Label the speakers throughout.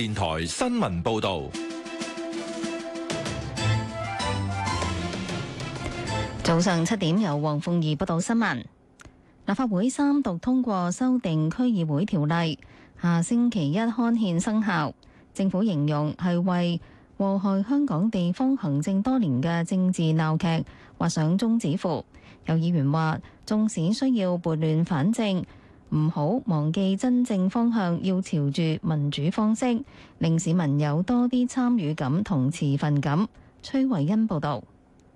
Speaker 1: 電台新聞報道，
Speaker 2: 早上七點由黃鳳儀報道新聞。立法會三讀通過修訂區議會條例，下星期一刊憲生效。政府形容係為禍害香港地方行政多年嘅政治鬧劇畫上終止符。有議員話，縱使需要撥亂反正。唔好忘記真正方向要朝住民主方式，
Speaker 3: 令市民有多啲參與感
Speaker 2: 同持份感。崔惠恩報道，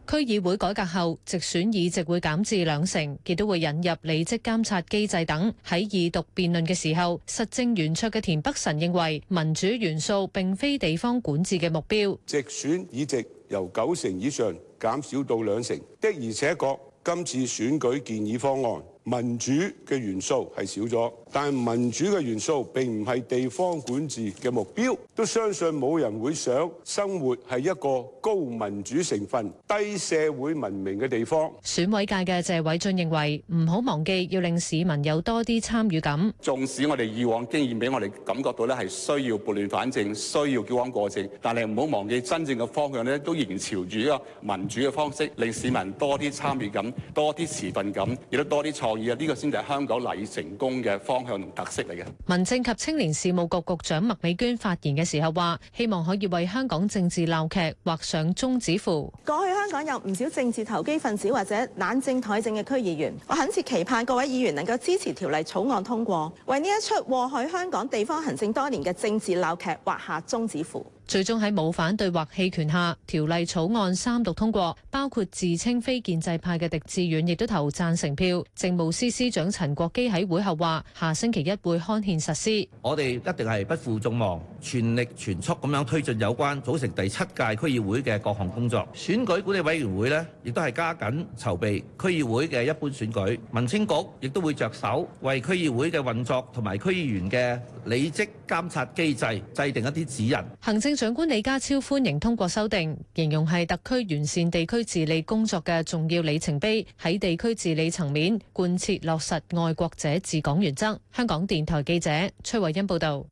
Speaker 3: 區議會改革後，直選議席會減至兩成，亦都會引入履職監察機制等。喺二讀辯論嘅時候，實政圓桌嘅田北辰認為，民主元素並非地方管治嘅目標。
Speaker 1: 直選議席由九成以上減少到兩成，的而且確，今次選舉建議方案。民主嘅元素係少咗，但係民主嘅元素並唔係地方管治嘅目標，都相信冇人會想生活係一個高民主成分、低社會文明嘅地方。
Speaker 3: 選委界嘅謝偉俊認為唔好忘記要令市民有多啲參與感。
Speaker 1: 縱使我哋以往經驗俾我哋感覺到咧，係需要撥亂反正、需要矯枉過正，但係唔好忘記真正嘅方向咧，都仍然朝住一個民主嘅方式，令市民多啲參與感、多啲持份感，亦都多啲創。同意啊！呢個先至係香港嚟，成功嘅方向同特色嚟嘅。
Speaker 3: 民政及青年事務局局局長麥美娟發言嘅時候話，希望可以為香港政治鬧劇畫上終止符。過去香港
Speaker 2: 有唔少政治投機分子或者懶政怠政嘅區議員，我懇切期盼各位議員能夠支持條例草案通過，為呢一出禍害香港地方行政多年嘅政治鬧劇畫
Speaker 3: 下終止符。最終喺冇反對或棄權下，條例草案三讀通過，包括自稱非建制派嘅狄志遠亦都投贊成票。政務司司長陳國基喺會後話，下星期一會刊憲實施。
Speaker 1: 我哋一定係不負眾望，全力全速咁樣推進有關組成第七屆區議會嘅各項工作。選舉管理委員會呢，亦都係加緊籌備區議會嘅一般選舉。民青局亦都會着手為區議會嘅運作同埋區議員嘅履職監察機制制定一啲指引。
Speaker 3: 行政長官李家超歡迎通過修訂，形容係特區完善地區治理工作嘅重要里程碑，喺地區治理層面貫徹落實愛國者治港原則。香港電台記者崔慧欣報道。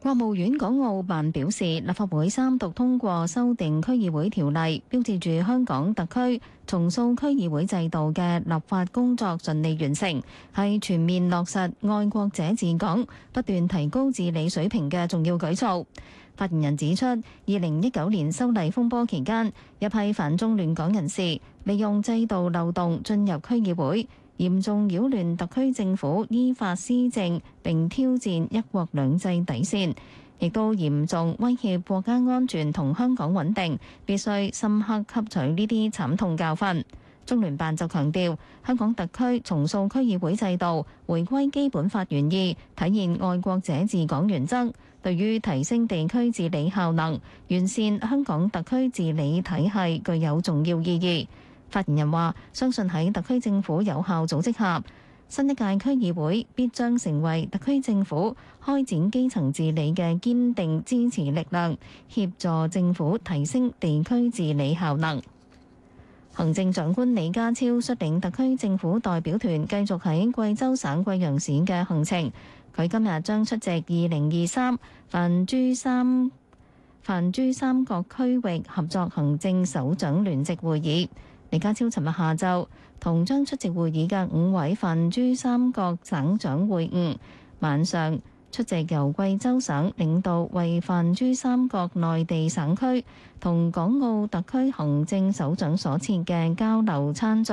Speaker 2: 國務院港澳辦表示，立法會三讀通過修訂區議會條例，標誌住香港特區重塑區議會制度嘅立法工作順利完成，係全面落實愛國者治港、不斷提高治理水平嘅重要舉措。發言人指出，二零一九年修例風波期間，一批反中亂港人士利用制度漏洞進入區議會。嚴重擾亂特區政府依法施政，並挑戰一國兩制底線，亦都嚴重威脅國家安全同香港穩定，必須深刻吸取呢啲慘痛教訓。中聯辦就強調，香港特區重塑區議會制度，回歸基本法原意，體現愛國者治港原則，對於提升地區治理效能、完善香港特區治理體系具有重要意義。發言人話：相信喺特區政府有效組織下，新一屆區議會必將成為特區政府開展基層治理嘅堅定支持力量，協助政府提升地區治理效能。行政長官李家超率領特區政府代表團繼續喺貴州省貴陽市嘅行程。佢今日將出席二零二三泛珠三泛珠三角區域合作行政首長聯席會議。李家超尋日下晝同將出席會議嘅五位泛珠三角省長會晤，晚上，出席由貴州省領導，為泛珠三角內地省區同港澳特區行政首長所設嘅交流餐聚，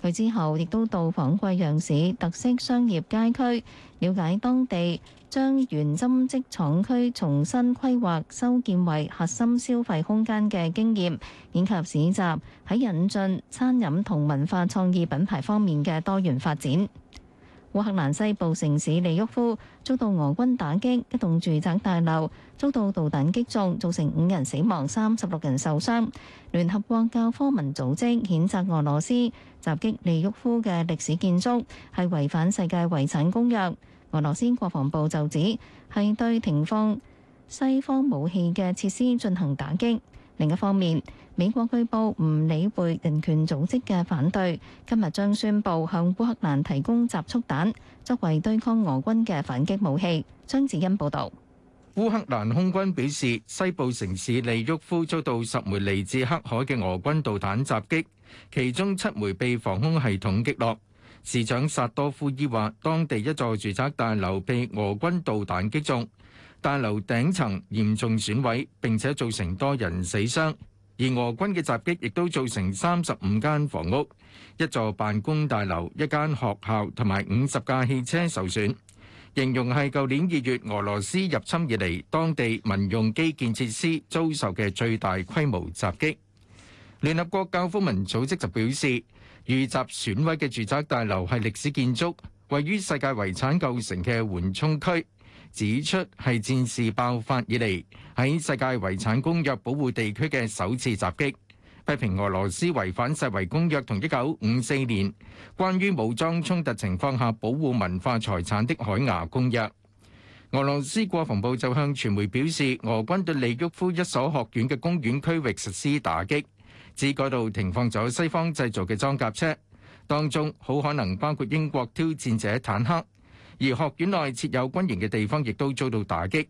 Speaker 2: 佢之後亦都到訪貴陽市特色商業街區，了解當地將原針織廠區重新規劃修建為核心消費空間嘅經驗，以及市集喺引進餐飲同文化創意品牌方面嘅多元發展。烏克蘭西部城市利沃夫遭到俄軍打擊，一棟住宅大樓遭到導彈擊中，造成五人死亡、三十六人受傷。聯合國教科文組織譴責俄羅斯襲擊利沃夫嘅歷史建築，係違反世界遺產公約。俄羅斯國防部就指係對停放西方武器嘅設施進行打擊。另一方面，美國據報唔理會人權組織嘅反對，今日將宣佈向烏克蘭提供集束彈，作為對抗俄軍嘅反擊武器。張子欣報導。
Speaker 1: 烏克蘭空軍表示，西部城市利沃夫遭到十枚嚟自黑海嘅俄軍導彈襲擊，其中七枚被防空系統擊落。市長薩多夫伊話，當地一座住宅大樓被俄軍導彈擊中。大樓頂層嚴重損毀，並且造成多人死傷。而俄軍嘅襲擊亦都造成三十五間房屋、一座辦公大樓、一間學校同埋五十架汽車受損。形容係舊年二月俄羅斯入侵以嚟，當地民用基建設施遭受嘅最大規模襲擊。聯合國教科文組織就表示，遇襲損毀嘅住宅大樓係歷史建築，位於世界遺產舊城嘅緩衝區。指出係戰事爆發，以嚟喺世界遺產公約保護地區嘅首次襲擊，批評俄羅斯違反世遺公約，同一九五四年關於武裝衝突情況下保護文化財產的海牙公約。俄羅斯國防部就向傳媒表示，俄軍對利沃夫一所學院嘅公園區域實施打擊，至嗰度停放咗西方製造嘅裝甲車，當中好可能包括英國挑戰者坦克。而學院內設有軍營嘅地方亦都遭到打擊，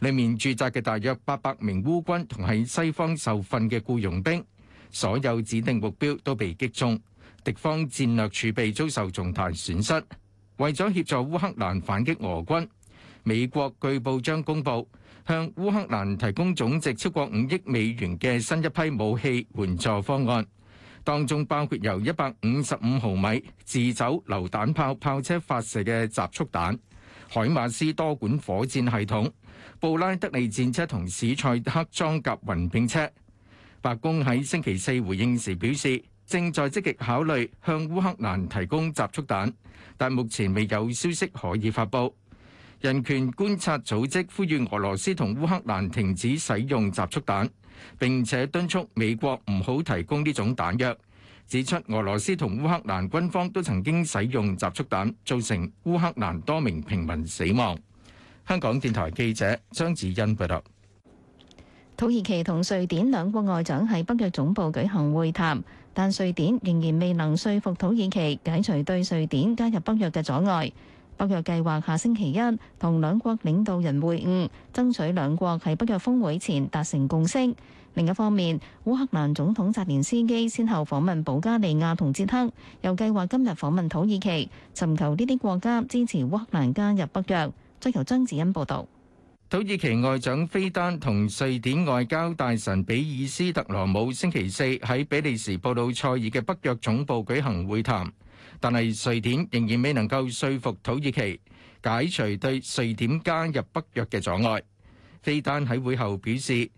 Speaker 1: 裡面駐紮嘅大約八百名烏軍同喺西方受訓嘅僱傭兵，所有指定目標都被擊中，敵方戰略儲備遭受重大損失。為咗協助烏克蘭反擊俄軍，美國據報將公佈向烏克蘭提供總值超過五億美元嘅新一批武器援助方案。當中包括由一百五十五毫米自走榴彈炮炮車發射嘅集束彈、海馬斯多管火箭系統、布拉德利戰車同史塞克裝甲運兵車。白宮喺星期四回應時表示，正在積極考慮向烏克蘭提供集束彈，但目前未有消息可以發布。人權觀察組織呼籲俄羅斯同烏克蘭停止使用集束彈。並且敦促美國唔好提供呢種彈藥，指出俄羅斯同烏克蘭軍方都曾經使用集束彈，造成烏克蘭多名平民死亡。香港電台記者張子欣報道，
Speaker 2: 土耳其同瑞典兩國外長喺北約總部舉行會談，但瑞典仍然未能說服土耳其解除對瑞典加入北約嘅阻礙。北約計劃下星期一同兩國領導人會晤，爭取兩國喺北約峰會前達成共識。另一方面，烏克蘭總統澤連斯基先後訪問保加利亞同捷克，又計劃今日訪問土耳其，尋求呢啲國家支持烏克蘭加入北約。再由張子欣報道。
Speaker 1: 土耳其外長菲丹同瑞典外交大臣比爾斯特羅姆星期四喺比利時布魯塞爾嘅北約總部舉行會談。但係瑞典仍然未能夠說服土耳其解除對瑞典加入北約嘅阻礙。菲丹喺會後表示，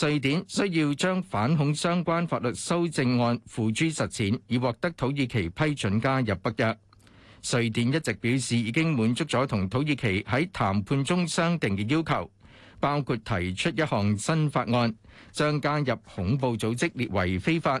Speaker 1: 瑞典需要將反恐相關法律修正案付諸實踐，以獲得土耳其批准加入北約。瑞典一直表示已經滿足咗同土耳其喺談判中商定嘅要求，包括提出一項新法案，將加入恐怖組織列為非法。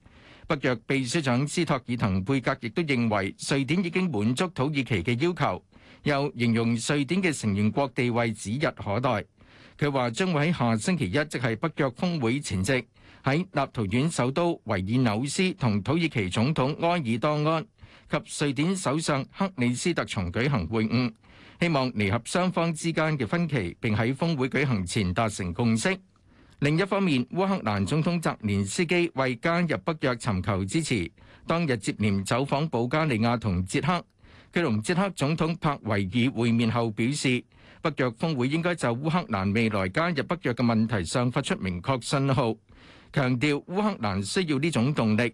Speaker 1: 北約秘書長斯托爾滕貝格亦都認為瑞典已經滿足土耳其嘅要求，又形容瑞典嘅成員國地位指日可待。佢話將會喺下星期一，即係北約峰會前夕，喺立陶宛首都維爾紐斯同土耳其總統埃爾多安及瑞典首相克里斯特松舉行會晤，希望彌合雙方之間嘅分歧，並喺峰會舉行前達成共識。另一方面，烏克蘭總統澤連斯基為加入北約尋求支持，當日接連走訪保加利亞同捷克。佢同捷克總統帕維爾會面後表示，北約峰會應該就烏克蘭未來加入北約嘅問題上發出明確信號，強調烏克蘭需要呢種動力。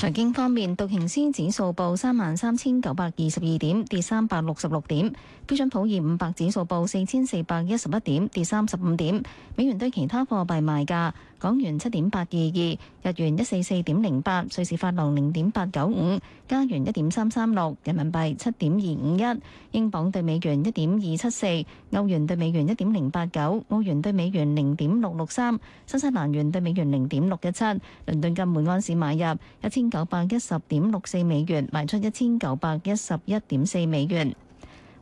Speaker 2: 財經方面，道瓊斯指數報三萬三千九百二十二點，跌三百六十六點；標準普爾五百指數報四千四百一十一點，跌三十五點。美元對其他貨幣賣價。港元七點八二二，日元一四四點零八，瑞士法郎零點八九五，加元一點三三六，人民幣七點二五一，英鎊對美元一點二七四，歐元對美元一點零八九，澳元對美元零點六六三，新西蘭元對美元零點六一七。倫敦金每安士買入一千九百一十點六四美元，賣出一千九百一十一點四美元。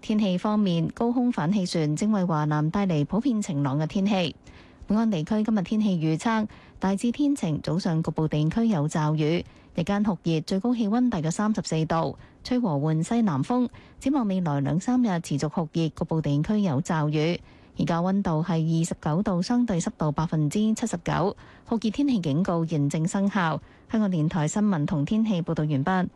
Speaker 2: 天氣方面，高空反氣旋，正為華南帶嚟普遍晴朗嘅天氣，本港地區今日天，天氣預測大致天晴，早上局部地區有驟雨，日間酷熱，最高氣溫大約三十四度，吹和緩西南風，展望未來兩三日持續酷熱，局部地區有驟雨。而家溫度係二十九度，相對濕度百分之七十九，酷熱天氣警告現正生效。香港電台新聞同天氣報道完畢。